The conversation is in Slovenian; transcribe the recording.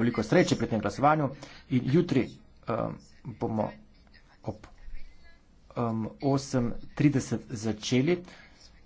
veliko sreče pri tem glasovanju in jutri um, bomo ob um, 8.30 začeli.